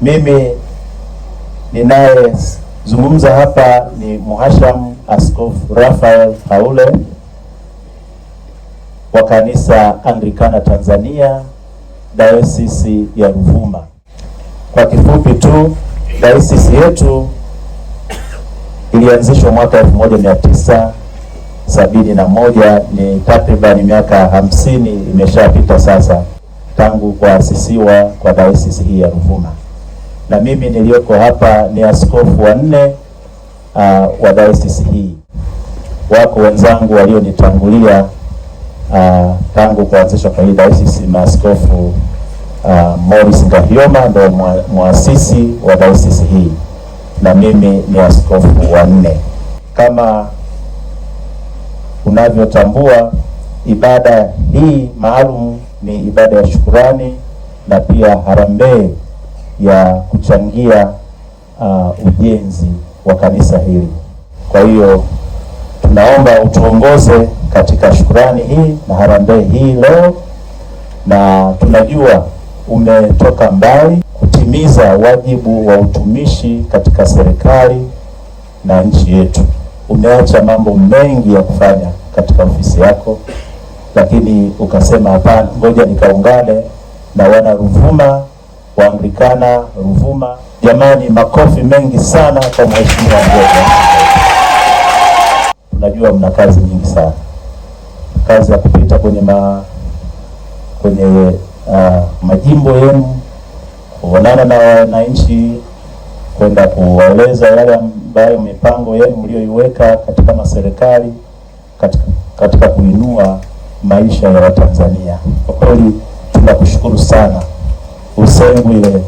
Mimi ninayezungumza hapa ni muhasham Askofu rafael Haule wa Kanisa Anglikana Tanzania Dayosisi ya Ruvuma. Kwa kifupi tu, dayosisi yetu ilianzishwa mwaka 1971 ni takribani miaka hamsini imeshapita sasa tangu kuasisiwa kwa dayosisi hii ya Ruvuma na mimi niliyoko hapa ni askofu wa nne uh, wa dayosisi hii. Wako wenzangu walionitangulia uh, tangu kuanzishwa kwa hii dayosisi, maaskofu uh, ah, Morris Gahioma ndo mwasisi wa dayosisi hii, na mimi ni askofu wa nne. Kama unavyotambua, ibada hii maalum ni ibada ya shukurani na pia harambee ya kuchangia uh, ujenzi wa kanisa hili. Kwa hiyo tunaomba utuongoze katika shukurani hii na harambee hii leo, na tunajua umetoka mbali kutimiza wajibu wa utumishi katika serikali na nchi yetu. Umeacha mambo mengi ya kufanya katika ofisi yako, lakini ukasema hapana, ngoja nikaungane na wana Ruvuma ikana Ruvuma. Jamani, makofi mengi sana kwa mheshimiwa Mbowe. Tunajua mna kazi nyingi sana, kazi ya kupita kwenye ma, kwenye uh, majimbo yenu, kuonana na wananchi, kwenda kuwaeleza yale ambayo mipango yenu mlioiweka katika maserikali katika, katika kuinua maisha ya Watanzania. Kwa kweli tunakushukuru sana. Useme mwile